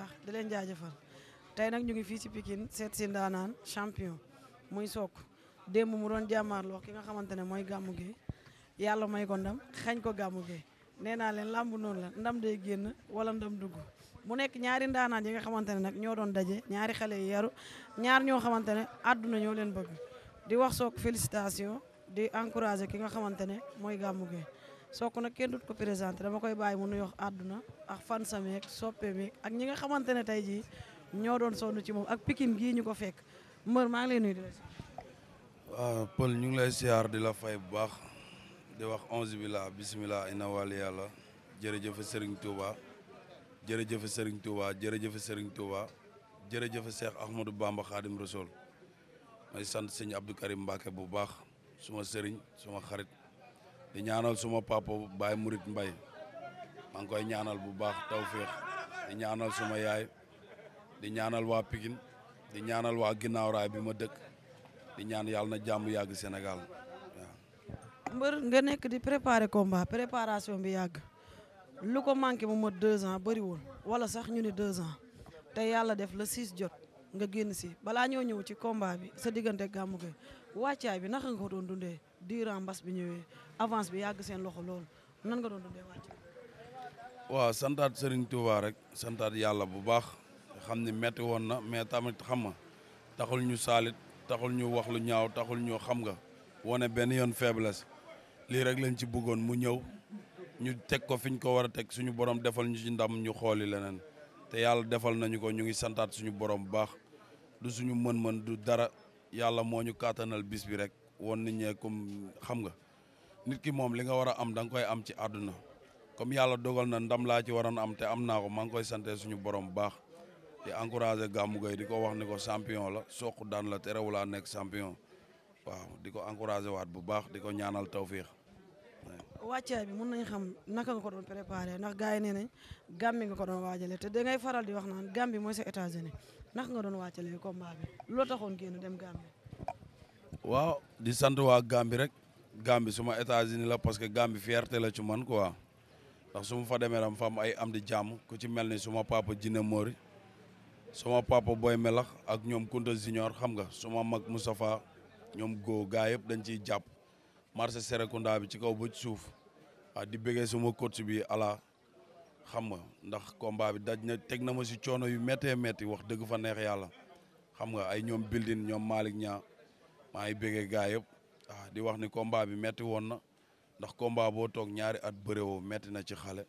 baax di leen jaajëfal tey nag ñu ngi fii ci Pikine seet si ndaanaan champion muy Sokh démb mu doon jàmmaarloo ki nga xamante ne mooy gàmmu Gueye yàlla may ko ndam xañ ko gàmmu Gueye nee naa leen làmb noon la ndam day génn wala ndam dugg mu nekk ñaari ndaanaan yi nga xamante ne nag ñoo doon daje ñaari xale yi yaru ñaar ñoo xamante ne àdduna ñoo leen bëgg di wax Sokh félicitation di encourager ki nga xamante ne mooy gàmmu Gueye Sokh nag kenn dut ko présenté dama koy bàyyi mu nuyoo adduna ak fan sa meeg soppe meeg ak ñi nga xamante ne tey jii ñoo doon sonn ci moom ak pikin gii ñu ko fekk mbër maa ngi lay nuyu di la Pël ñu ngi lay siyaar di la fay bu baax di wax onze millah la bisimilah ina wàll yàlla jërëjëf Serigne Touba jërëjëf Serigne Touba jërëjëf Serigne Touba jërëjëf Cheikh Ahmadou Bamba Khadim Rassoul may sant sëñ Abdou Karim Mbacke bu baax suma sëriñ suma xarit di ñaanal suma papa baay Murit Mbay maa ngi koy ñaanal bu baax tawféex di ñaanal suma yaay di ñaanal waa Pikine di ñaanal waa ginnaaw raay bi ma dëkk di ñaan yàlla na jàmm yàgg senegal waaw. mbër nga nekk di préparer combat préparation bi yàgg lu ko manqué mu mot deux ans bëriwul wala sax ñu ne deux ans te yàlla def la six jot nga génn si balaa ñoo ñëw ci komba bi sa diggante gàmmu gi wàccaay bi naka nga ko doon dundee. durant mbas bi ñëwee avance bi yàgg seen loxo lool nan nga doon dundee wàcc waaw santaat Serigne Touba rek santaat yàlla bu baax xam ne metti woon na mais tamit xam nga taxul ñu saalit taxul ñu wax lu ñaaw taxul ñu xam nga wane benn yoon faiblesse lii rek lañ ci bëggoon mu ñëw ñu teg ko fi ñu ko war a teg suñu borom defal ñu ci ndam ñu xooli leneen te yàlla defal nañu ko ñu ngi santaat suñu borom bu baax du suñu mën-mën du dara yàlla moo ñu kàttanal bis bi rek woon nit ñee comme xam nga nit ki moom li nga war a am da koy am ci àdduna comme yàlla dogal na ndam laa ci waroon am te am naa ko maa koy sante suñu borom bu baax di encouragé Gamou Gueye di ko wax ni ko champion la soq daan la te rew laa waaw di ko encouragé waat bu baax di ko ñaanal tawféex. wàccaay bi mun nañ xam naka nga ko doon préparé ndax gars yi nee nañ Gàmbi nga ko doon waajalee te da ngay faral di wax naan Gàmbi mooy sa États-Unis naka nga doon waajalee combat bi loo taxoon génn dem Gàmbi. waaw di sant waa Gambie rek Gambie suma États-Unis la parce que Gambie fierté la ci man quoi ndax su ma fa demee dama fa am ay am di jàmm ku ci mel ni suma papa Djine Mori suma papa Boy Melax ak ñoom Kunta Junior xam nga suma mag Moustapha ñoom góo gaa yëpp dañ ciy jàpp marché Serekunda bi ci kaw ba suuf ah di bëggee suma coach bi ala xam nga ndax combat bi daj na teg na ma si coono yu méttee métti wax dëgg fa neex yàlla xam nga ay ñoom Bildin ñoom Malick ñaa maa ngi bëggee gaa yëpp ah di wax ni combat bi metti woon na ndax combat boo toog ñaari at bëre woo metti na ci xale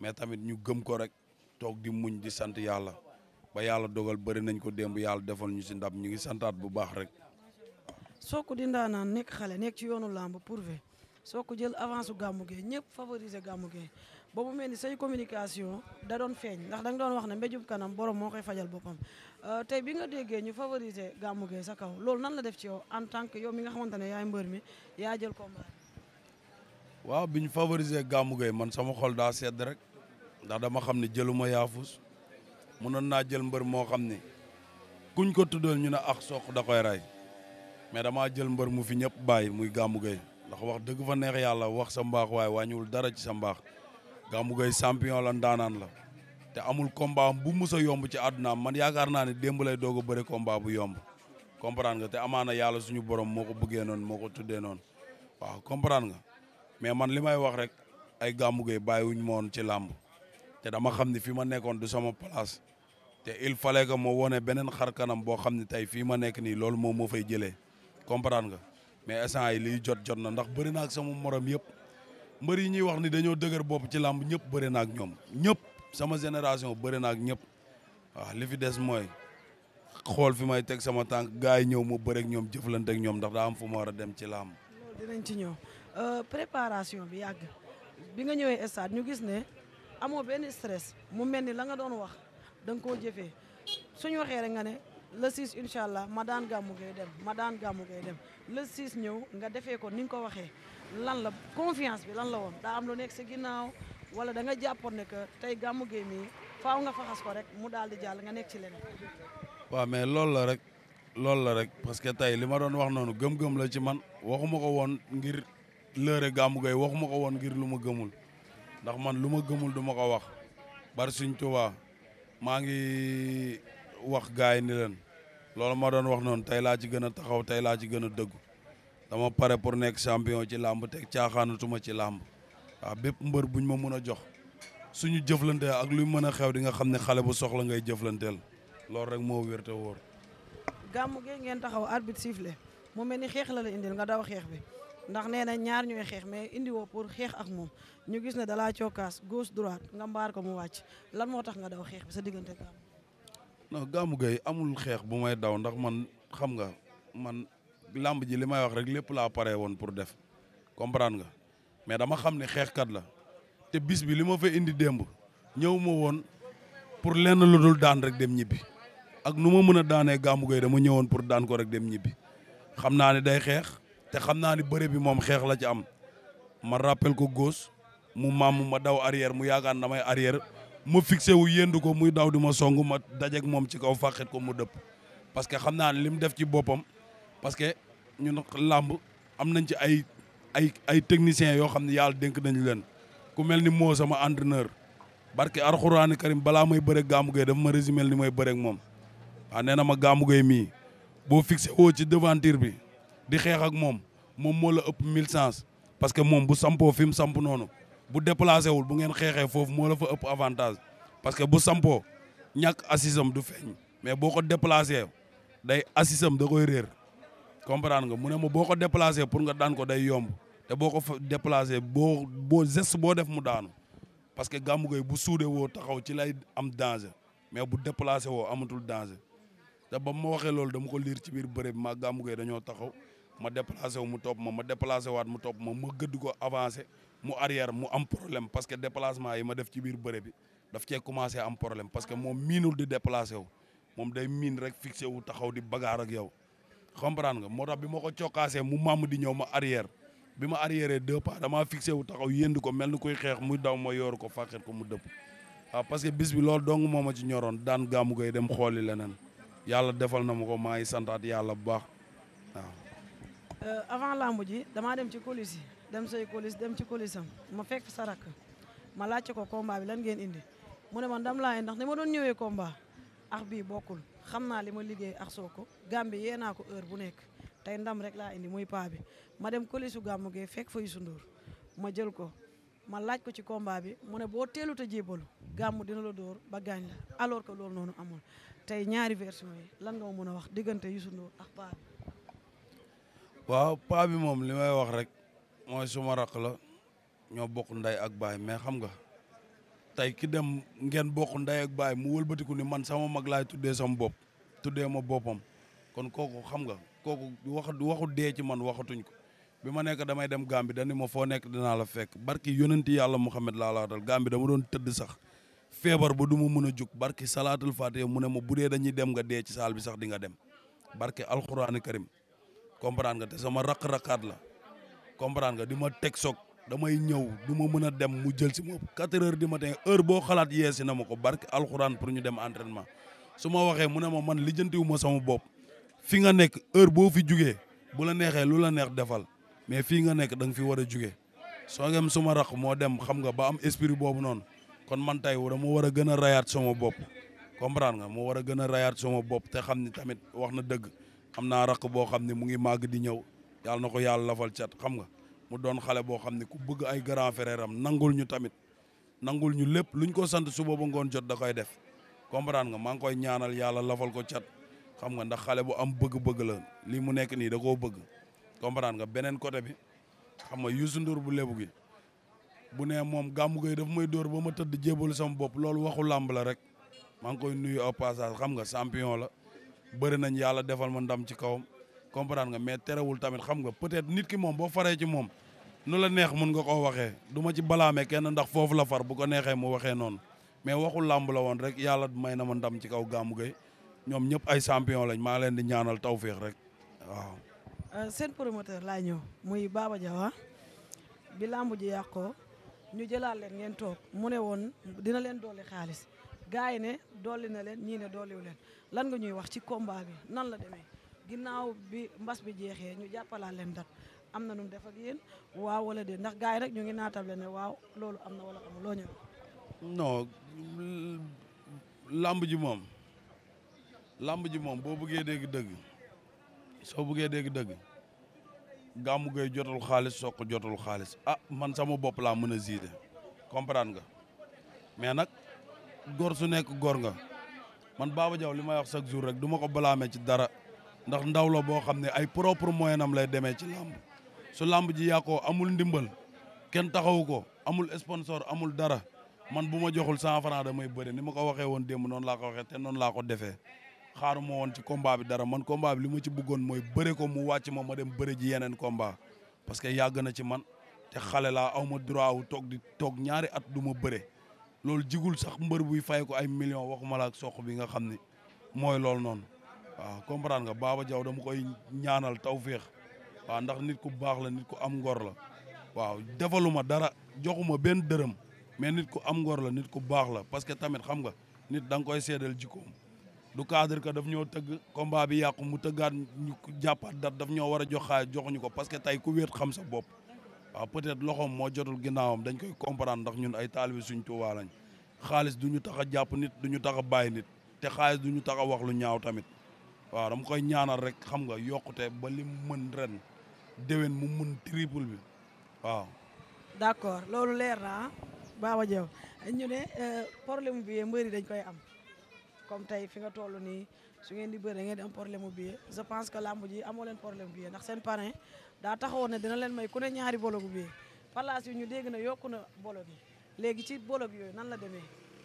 mais tamit ñu gëm ko rek toog di muñ di sant yàlla ba yàlla dogal bëri nañ ko démb yàlla defal ñu si ndab ñu ngi santaat bu baax rek. soo ko di ndaanaan nekk xale nekk ci yoonu làmb pour soo ko jël avance su Gamou Gueye ñëpp favoriser Gamou Gueye ba mu mel ni say communication da doon feeñ ndax da doon wax ne mbéjub kanam borom moo koy fajal boppam euh, tey bi nga déggee ñu favoriser Gamou Gueye sa kaw loolu nan la def ci yow en tant que yow mi nga xamante ne yaay mbër mi yaa jël combat waaw bi ñu favoriser Gamou Gueye man sama xol daa sedd rek ndax dama xam ne jëluma yaafus mënoon naa jël mbër moo xam ne kuñ ko tuddal ñu ne ak soq da koy rey mais damaa jël mbër mu fi ñëpp bàyyi muy Gamou Gueye ndax wax dëgg fa neex yàlla wax sa mbaax waaye wàññiwul dara ci sa mbaax Gamou Gueye champion la ndaanaan la te amul combat bu musa yomb ci àddunaam man yaakaar naa ne démb lay doog a bëre combat bu yomb comprendre nga te amaana yàlla suñu borom moo ko bëggee noonu moo ko tuddee noonu waaw comprendre nga mais man li may wax rek ay Gamou Gueye bàyyiwuñ ma woon ci làmb te dama xam ne fi ma nekkoon du sama place te il fallait que moo wone beneen xar kanam boo xam ne tey fii ma nekk nii loolu moom moo fay jëlee comprendre nga mais instant yi liy jot jot na ndax bëri na ak sama morom yëpp. mbër yi ñuy wax ni dañoo dëgër bopp ci làmb ñëpp bëre na ak ñoom ñëpp sama génération bëre na ak ñëpp waaw li des mooy xool fi may teg sama tànk gars yi ñëw mu bëre ñoom jëflante ak ñoom ndax daa am fu ma war a dem ci làmb. loolu ci ñëw euh, préparation bi yàgg bi nga ñëwee stade ñu gis ne amoo benn stress mu mel ni la nga doon wax da nga koo jëfee ñu waxee rek nga ne le 6 incha allah ma daan gàmmu ngay dem ma daan gàmmu ngay dem le 6 ñëw nga defee ko ni nga ko waxee. lan la confiance bi lan la woon daa am lu nekk si ginnaaw wala da nga jàppoon ne que tey gàmmu géey mii faaw nga faxas ko rek mu daal di jàll nga nekk ci leneen. waaw mais loolu la rek loolu la rek parce que tey li ma doon wax noonu gëm-gëm la ci man waxuma ko woon ngir lëre gàmmu géey waxuma ko woon ngir lu ma gëmul ndax man lu ma gëmul du ma ko wax bari suñ Tuubaa maa ngi wax gaay ni leen loolu ma doon wax noonu tey laa ci gën a taxaw tey laa ci gën a dëggu dama pare pour nekk champion ci làmb teg caaxaanatuma ci làmb waaw bépp mbër buñ ma mën a jox suñu jëflante ak luy mën a xew di nga xam ne xale bu soxla ngay jëflanteel loolu rek moo wér te wóor. gàmm gee ngeen taxaw arbitre sifflé mu mel ni xeex la la indil nga daw xeex bi ndax nee na ñaar ñooy xeex mais indiwoo pour xeex ak moom ñu gis ne dalaa cookaas gauche droite nga mbaar ko mu wàcc lan moo tax nga daw xeex bi sa diggante gàmm. non gàmm gay amul xeex bu may daw ndax man xam nga làmb ji li may wax rek lépp laa pare woon pour def comprendre nga mais dama xam ne xeexkat la te bis bi li ma fa indi démb ñëw ma woon pour lenn lu dul daan rek dem ñibbi ak nu ma mën a daanee Gamou Gueye dama ñëwoon pour daan ko rek dem ñibbi xam naa ne day xeex te xam naa ne bëre bi moom xeex la ci am ma rappel ko góos mu maam ma daw arrière mu yaakaar damay arrière ma fixé wu yéendu ko muy daw di ma song ma dajeeg moom ci kaw fàqet ko mu dëpp parce que xam naa def ci boppam parce que ñun làmb am nañ ci ay ay ay techniciens yoo xam ne yàlla dénk nañu leen ku mel ni moo sama entraîneur barke arxuraani karim balaa may bëre Gamou Gueye dafa ma résumé ni may bëre moom ah nee na ma Gamou Gueye mii boo fixé woo ci devanture bi di xeex ak moom moom moo la ëpp mille sens parce que moom bu sampoo fi mu samp noonu bu déplacé wul bu ngeen xeexee foofu moo la fa ëpp avantage parce que bu sampoo ñàkk assisam du feeñ mais boo ko déplacé day assisam da koy réer comprendre nga mu ne ma boo ko déplacé pour nga daan ko day yomb te boo ko fa déplacé boo boo geste boo def mu daanu parce que Gamou bu suude woo taxaw ci lay am danger mais bu déplacé woo amatul danger te ba ma waxee loolu dama ko liir ci biir bëre bi ma Gamou Gueye dañoo taxaw ma déplacé wu mu topp ma ma déplacé waat mu topp ma ma gëdd ko avancé mu arrière mu am problème parce que déplacement yi ma def ci biir bëre bi daf cee commencé am problème parce que moom miinul di déplacé wu moom day miin rek fixé wu taxaw di bagaar ak yow comprendre nga moo tax bi ma ko cokkaasee mu maam di ñëw ma arrière bi ma arrière deux pas damaa fixé wu taxaw yénd ko mel ni kuy xeex mu daw ma yooru ko fàqet ko mu dëpp waaw parce que bis bi loolu dong moo ma ci ñoroon daan gàmmu koy dem xooli leneen yàlla defal na ma ko maa ngi santaat yàlla bu baax waaw. Euh, avant lamb ji damaa dem ci colis yi dem say colis dem ci colisam ma fekk sa rakk ma laajte ko combat bi lan geen indi mu ne man dam laa ndax ni ma doon ñëwee combat ax bii bokkul. xam naa li ma liggéey ak Soko Gambie yee naa ko heure bu nekk tey ndam rek laa indi muy paa bi ma dem kolisu gàmmu gee fekk fa Youssou ma jël ko ma laaj ko ci combat bi mu ne boo teelut a jébalu gàmmu dina la dóor ba gaañ la alors que loolu noonu amul tey ñaari version yi lan nga mën a wax diggante Youssou Ndour ak paa bi. waaw paa moom li may wax rek mooy suma raq la ñoo bokk nday ak baay mais xam nga. tey ki dem ngeen bokk ndey ak baay mu wëlbatiku ni man sama mag laay tuddee sama bopp tuddee ma boppam kon kooku xam nga kooku wax waxu dee ci man waxatuñ ko bi ma nekk damay dem Gambie dañ ni ma foo nekk dinaa la fekk barki yonenti yàlla Muhammad laa laatal Gambie dama doon tëdd sax feebar ba du ma mun a jug barki salaatul fatiha mu ne ma bu dee dañuy dem nga dee ci saal bi sax di nga dem barki alxuraani karim comprendre nga te sama raq-raqaat la comprendre nga di ma teg soog damay ñëw du ma mën a dem mu jël si ma quatre heures du matin heure boo xalaat yeesi na ma ko barke alxuraan pour ñu dem entraînement su ma waxee mu ne ma man lijjantiwu ma sama bopp fii nga nekk heure boo fi jugee bu la neexee lu la neex defal mais fii nga nekk da nga fi war a jugee soo gem su ma rax moo dem xam nga ba am esprit boobu noonu kon man tey dama war a gën a rayaat bopp comprendre nga moo war a gën a rayat sama bopp te xam ni tamit wax na dëgg am naa raq boo xam ne mu ngi màgg di ñëw yàlla na ko yàlla lafal cat xam nga mu doon xale boo xam ne ku bëgg ay grand frère am nangul ñu tamit nangul ñu lépp luñ ko sant suba ba ngoon jot da def comprendre nga maa ngi koy ñaanal yàlla lafal ko cat xam nga ndax xale bu am bëgg-bëgg la lii mu nekk nii da koo bëgg comprendre nga beneen côté bi xam nga Youssou Ndour bu lébu gi bu nee moom gàmmu gay daf may dóor ba ma tëdd jébalu sam bopp loolu waxu làmb la rek maa ngi koy nuyu au passage xam nga champion la bëri nañ yàlla defal ma ndam ci kawam comprendre nga mais terewul tamit xam nga peut-être nit ki moom boo faree ci moom nu la neex mun nga koo waxee du ma ci balaame kenn ndax foofu la far bu ko neexee mu waxee noonu mais waxul làmb la woon rek yàlla may na ma ndam ci kaw Gamou Gueye ñoom ñëpp ay champion lañ maa leen di ñaanal taw tawféex rek waaw. Euh, seen promoteur laa ñëw muy Baba Diawa ah. bi làmb ji yàqoo ñu jëlaal leen ngeen toog mu ne woon dina leen dolli xaalis gars yi ne dolli na leen ñii ne dolliwu leen lan nga ñuy wax ci combat nan la ginnaaw bi mbas bi jeexee ñu jàppalaat leen dat am na nu mu def yéen waaw wala déet ndax gars rek ñu ngi naatable ne waaw loolu am na wala amul loo ñëw. non làmb ji moom làmb ji moom boo bëggee dégg dëgg soo bëggee dégg dëgg gàmmu gay jotul xaalis sook jotul xaalis ah man sama bopp laa mën a ziide comprendre nga mais nag góor su nekk góor nga man Baba Diaw li chaque jour rek du ko balaamee ci dara. ndax ndaw la boo xam ne ay propre moyen nam lay demee ci làmb su làmb ji yàqoo amul ndimbal kenn taxawu ko amul sponsor amul dara man bu ma joxul cent franc damay bëri ni ma ko waxee woon démb noonu laa ko waxee te noonu laa ko defee xaaruma woon ci combat bi dara man combat bi li ma ci bëggoon mooy bëre ko mu wàcc ma ma dem bëre ji yeneen combat parce que yàgg na ci man te xale laa aw ma droit wu toog di toog ñaari at du ma bëre loolu jigul sax mbër buy fay ko ay millions waxuma la ak bi nga xam ni mooy loolu noonu waaw comprendre nga Baba Diaw dama koy ñaanal tawféex waaw ndax nit ku baax la nit ku am ngor la waaw defaluma dara joxuma benn dërëm mais nit ku am ngor la nit ku baax la parce que tamit xam nga nit da nga koy seedal jikkoom du cadre que daf ñoo tëgg combat bi yàqu mu tëggaat ñu jàppaat dat daf ñoo war a jox xaalis joxuñu ko parce que tey ku wéet xam sa bopp waaw peut-être loxoom moo jotul ginnaawam dañ koy comprendre ndax ñun ay taalibe suñ Tuubaa lañ xaalis du ñu tax a jàpp nit du ñu tax a bàyyi nit te xaalis du ñu tax a wax lu ñaaw tamit waaw dama koy ñaanal rek xam nga yokkute ba li mën ren déwén mu mën triple bi waaw. d'accord loolu leer na Baba Diaw ñu ne euh, problème bi mbëri dañ koy am comme tey fi nga toll nii su ngeen di bëri da ngeen di bi je pense que làmb ji amoo leen problème bi ndax seen parrain daa taxawoon ne dina leen may ku ne ñaari bolog bi palaas yi ñu dégg na yokku na bolog yi léegi ci bolog yooyu nan la demee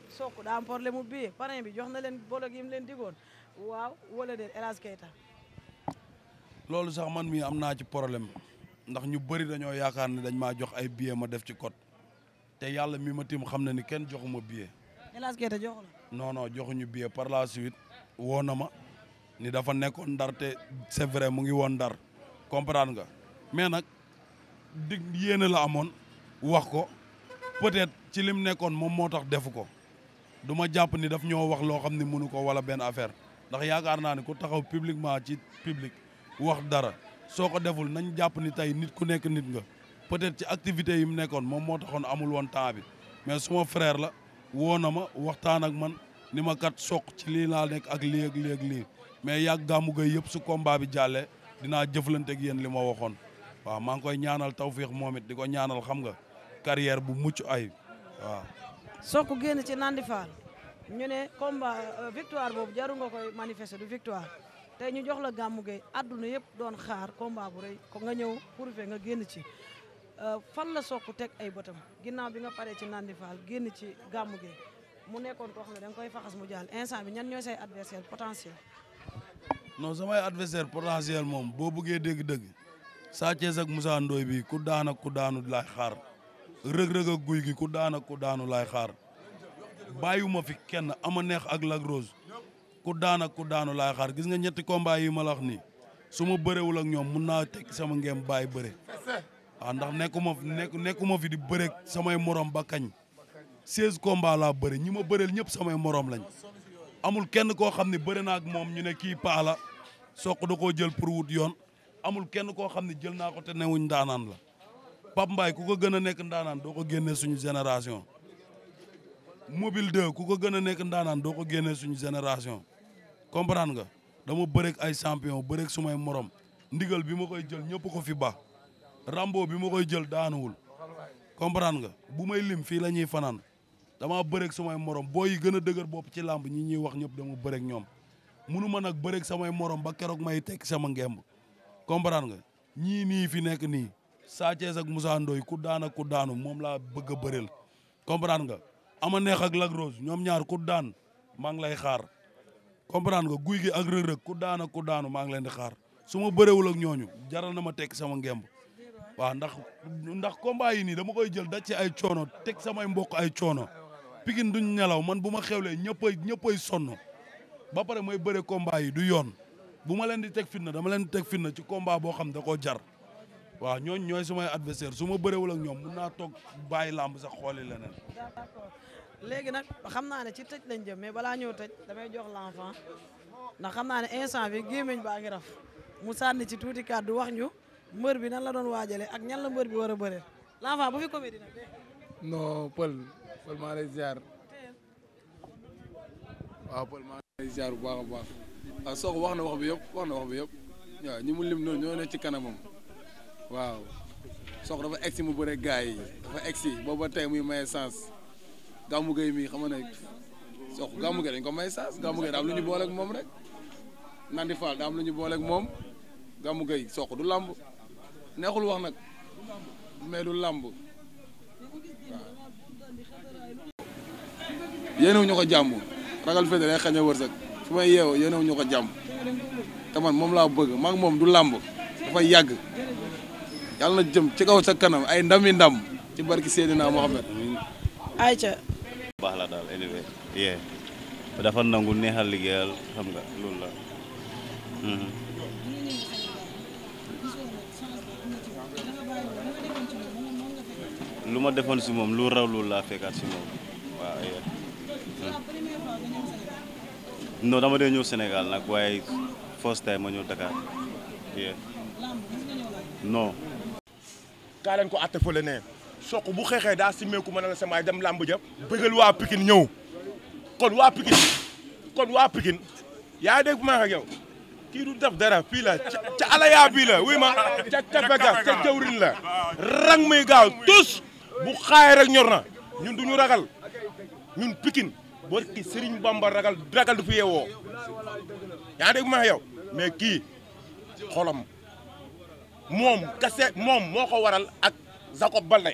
sook daa am problème mu bi parrain bi jox na leen bolog yi leen digoon waaw wala déet El Hadj loolu sax man mii am naa ci problème ndax ñu bëri dañoo yaakaar ne dañ maa jox ay billet ma def ci code te yàlla mi ma tim xam na ni kenn joxuma billet. El Hadj Keita joxu joxuñu billet par la suite woo na ma ni dafa nekkoon ndar te c'est vrai mu ngi woon ndar comprendre nga mais nag dig yéene la amoon wax ko peut-être ci lim nekkoon moom moo tax defu ko du ma jàpp ni daf ñoo wax loo xam ni mënu ko wala benn affaire. ndax yaakaar naa ne ku taxaw publiquement ci public wax dara soo ko deful nañ jàpp ni tey nit ku nekk nit nga peut-être ci activités yi mu nekkoon moom moo taxoon amul woon temps bi mais suma frère la woo na ma waxtaan ak man ni ma kat sook ci lii laa nekk ak lii ak lii ak lii mais yàgg gàmmu gay yëpp su combat bi jàllee dinaa jëflante ak yéen li ma waxoon waaw maa ngi koy ñaanal tawféex moom di ko ñaanal xam nga carrière bu mucc ay waaw. soq génn ci Nandi Fall ñu ne combat euh, victoire boobu jaru nga koy manifester du victoire te ñu jox la Gamou Gueye àdduna yëpp doon xaar combat bu rëy ko nga ñëw prouvé nga génn ci euh, fan la soo ku teg ay bëtam ginnaaw bi nga paree ci Nandi Fall génn ci Gamou Gueye mu nekkoon tox xam ne da nga koy faxas mu jàll instant bi ñan ñooy say adversaire potentiel non samay adversaire potentiel moom boo bëggee dégg-dégg saa Thiès ak Moussa Ndoye bi ku daan ak ku daanu laay xaar rëg-rëg ak guy gi ku daana ku daanu laay xaar ma fi kenn ama neex ak lagros Rose ku daan ak ku daanu laay xaar gis nga ñetti combat yi ma la wax nii su ma bërewul ak ñoom mun naa tekki sama ngeen bàyyi bëre waaw ah, ndax nekkuma nekk nekkuma fi di bëre samay morom ba kañ seize combat laa bëri ñi ma bëreel ñëpp samay morom lañ amul kenn koo xam ne bëri naa ak moom ñu ne kii paa la soq da koo jël pour wut yoon amul kenn koo xam ne jël naa ko te newuñ ndaanaan la Pape mbaay ku ko gën a nekk ndaanaan doo ko génne suñu génération mobile 2 ku ko gën a nekk ndaanaan doo ko génnee suñu génération comprendre nga dama bëreeg ay champion bëreeg sumay morom ndigal bi ma koy jël ñëpp ko fi ba Rambo bi ma koy jël daanuwul comprendre nga bu may lim fii la ñuy fanaan dama bëreeg sumay morom booy yi gën a dëgër bopp ci làmb ñi ñuy wax ñëpp dama bëreeg ñoom munu ma nag bëreeg samay morom ba keroog may tekk sama ngemb comprendre nga ñii nii fi nekk nii Sa Thiès ak Moussa Ndoye ku daan ak ku daanu moom laa bëgg a bëreel comprendre nga ama neex ak Lac Rose ñoom ñaar ku daan maa ngi lay xaar comprendre nga guy gi ak rëg-rëg ku daan daanu maa ngi leen di xaar su ma bëréwul ak ñooñu jaral ma tekk sama ngemb waaw ndax ndax combat yi nii dama koy jël daj ci ay coono teg samay mbokk ay coono Pikine duñ nelaw man bu ma xewlee ñëppay ñëppay sonn ba pare mooy bëre combat yi du yoon bu ma leen di teg fitna dama leen di teg fitna ci combat boo xam da koo jar waaw ñooñ ñooy sumay adversaire su ma bëréwul ak ñoom mun naa toog bàyyi làmb sax xooli leneen léegi nag xam naa ne ci tëj lañ jëm mais balaa ñëw tëj damay jox l'enfant ndax xam naa ne instant bi gémmiñ baa ngi raf mu sànni ci tuuti kàddu wax ñu mbër bi nan la doon waajalee ak ñan la mbër bi war a bëreel l'enfant bu fi comédie nag non pël pël maa lay ziar bu baax a baax ah, wax na wax bi yëpp wax na wax bi yëpp mu lim ñoo ne ci kanamam waaw soog dafa egsi mu bëre gaa dafa egsi booba tey muy maye sens Gamou Gueye mii xam nga ne sox Gamou Gueye dañ ko may saas Gamou Gueye am lu ñu booleeg moom rek Nandi Fall daa am lu ñu booleeg moom Gamou Gueye sox du làmb neexul wax nag mais du làmb waaw. yéen ñu ko jàmm ragal fee xañ a wërsëg su may yeewoo yéen ñu ko jàmm te moom laa bëgg maa moom du làmb dafay yàgg yàlla na jëm ci kaw sa kanam ay ndam yi ndam ci barki Seydina Mohamed. ayca baax la daal anyway yee dafa nangu neexal liggéeyal xam nga loolu la mm-hmm. lu ma defoon si moom lu raw loolu laa fekkaat si moom waaw mm-hmm. dama dee ñëw Sénégal nag waaye first time ma ñëw Dakar yee non kaa ko atte fële ne soq bu xeexee daa simmeeku mën a la samaay dem làmb ja bëggal waa Pikine ñëw kon waa Pikine kon waa Pikine yaa dégg maa ak yow kii du def dara fii la ca alaya bii la wuy ma ca tafega ca jawrin la rang muy gaaw tous bu xaay rek ñor na ñun duñu ragal ñun Pikine boo ki Serigne Bamba ragal ragal du fi yeewoo yaa dégg maa yow mais kii xolam moom kase moom moo ko waral ak Jacob Baldé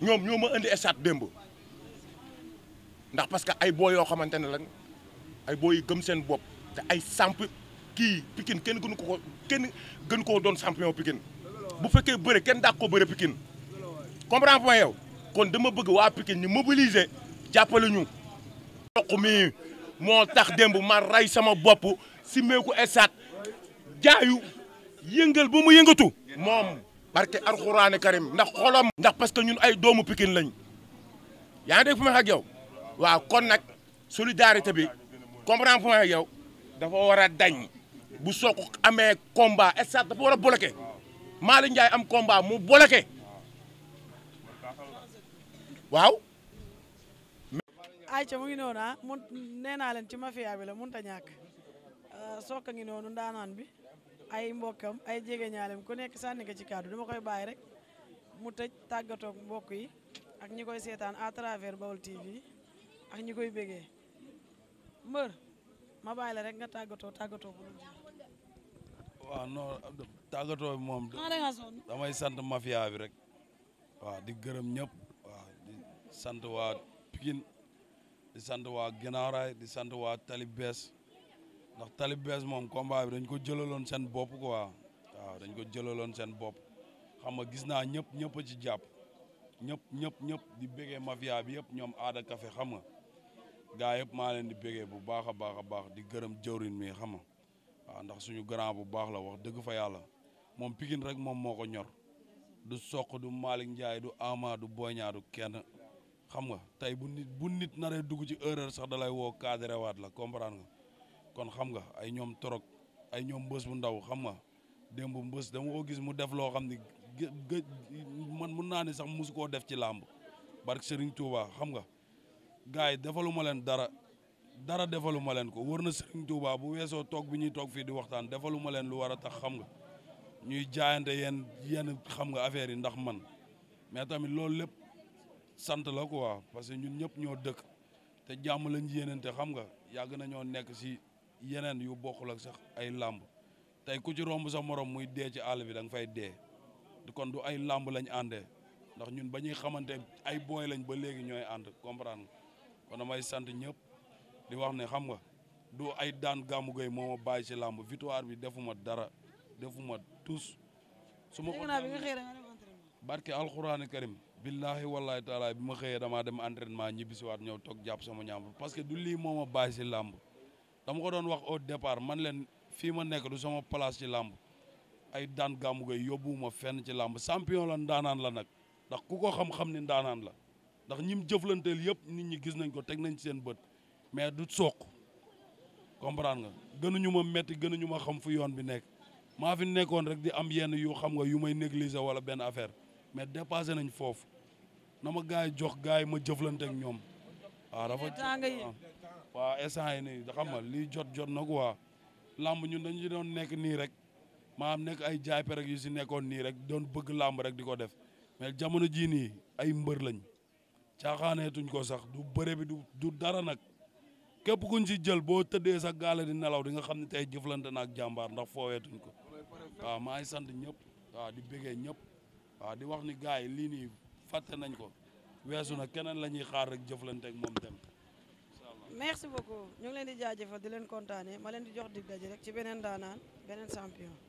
ñoom ñoo ma indi stade démb ndax parce que ay boo yoo xamante ne lañ ay boo yi gëm seen bopp te ay samp kii Pikine kenn gënu ko ko kenn gën koo doon champion Pikine bu fekkee bëre kenn daa ko bëre Pikine comprends point yow kon dama bëgg waa Pikine ñu mobiliser jàppale ñu doq mi moo tax démb ma rey sama bopp si meeku stade jaayu yëngal ba mu yëngatu moom barke alxuraane karim ndax xolam. ndax parce que ñun ay doomu Pikine lañ yaa ngi dégg fu ma ak yow waaw kon nag solidarité bi comprendre fu ma ak yow dafa war a dañ bu soog amee combat état dafa war a bloqué Malick am komba mu bloqué waaw. ayca mu ngi noonu ah. mun nee naa leen ci mafia bi la mënut a ñàkk euh, soog a ngi noonu ndaanaan bi. ay mbokkam ay jege ñaalem ku nekk sànni nga ci kàddu dama koy bàyyi rek mu tëj tàggatoog mbokk yi ak ñi koy seetaan à travers Baol TV ak ñi koy bégee mbër ma bàyyi la rek nga tàggatoo tàggatoo moom ah, damay sant mafia bi rek waaw di gërëm ñëpp di sant waa Pikine di sant waa Guinaw di sant waa Tali Bees ndax tali bees moom combat bi dañ ko jëlaloon seen bopp quoi waaw dañ ko jëlaloon seen bopp xam nga gis naa ñëpp ñëpp a ci jàpp ñëpp ñëpp ñëpp di bëggee mafia bi yëpp ñoom aada kafe xam nga gaa yëpp maa leen di bëggee bu baax a baax a baax di gërëm jëwrin mi xam nga waaw ndax suñu grand bu baax la wax dëgg fa yàlla moom Pikine rek moom moo ko ñor du soq du Malick Ndiaye du Ama du Boña du kenn xam nga tey bu nit bu nit naree dugg ci erreur sax da lay woo cadré waat la comprendre nga kon xam nga ay ñoom torok ay ñoom mbës bu ndaw xam nga démb mbës dama gis mu def loo xam ne man mun naa ne sax mosu koo def ci làmb barke Serigne Touba xam nga gars yi defalu ma leen dara dara defalu ma leen ko wër na Serigne Touba bu weesoo toog bi ñuy toog fii di waxtaan defalu ma leen lu war a tax xam ga ñuy jaayante yenn yenn xam nga affaire yi ndax man mais tamit loolu lépp sant la quoi parce que ñun ñëpp ñoo dëkk te jàmm lañ yéenante xam nga yàgg nañoo nekk si yeneen yu bokkul ak sax ay làmb tey ku ci romb sa morom muy dee ci àll bi da fay dee kon du ay làmb lañ àndee ndax ñun ba ñuy xamante ay booy lañ ba léegi ñooy ànd comprendre nga kon ay sant ñëpp di wax ne xam nga du ay daan Gamou Gueye moo ma bàyyi ci làmb victoire bi defuma dara defuma tous su ma barke alxuraani karim billahi wallahi taala bi ma xëyee damaa dem entraînement ñibbisiwaat ñëw toog jàpp sama ñaam parce que du lii moo ma bàyyi si làmb dama ko doon wax o départ man leen fii ma nekk du sama place ci làmb ay daan gàmmu gay yóbbuwuma fenn ci làmb champion la ndaanaan la nag ndax ku ko xam-xam ni ndaanaan la ndax ñim jëflanteel yëpp nit ñi gis nañ ko teg nañ ci seen bët mais du soq comprendre nga gënuñu ma métti gënuñu ma xam fu yoon bi nekk maa fi nekkoon rek di am yenn yu xam nga yu may négliger wala benn affaire mais dépassé nañ foofu na ma gars jox gars yi ma jëflante ak ñoom ah, waaw dafa waa instant yi nii xam nga lii jot jot na quoi làmb ñun dañu doon nekk nii rek maanaam nekk ay jaaype rek yu si nekkoon nii rek doon bëgg làmb rek di ko def mais jamono jii nii ay mbër lañ caaxaaneetuñ ko sax du bëre bi du du dara nag képp kuñ ci jël boo tëddee sax gaale di nelaw di nga xam ne tey jëflante na ak jàmbaar ndax fooweetuñ ko waaw maa ngi sant ñëpp waaw di bëggee ñëpp waaw di wax ni gars yi lii nii fàtte nañ ko weesu na keneen la ñuy xaar rek jëflante ak moom dem merci beaucoup ñu ngi leen di jaajëfal di leen kontaane ma leen di jox dig daje rek ci beneen daanaan beneen champion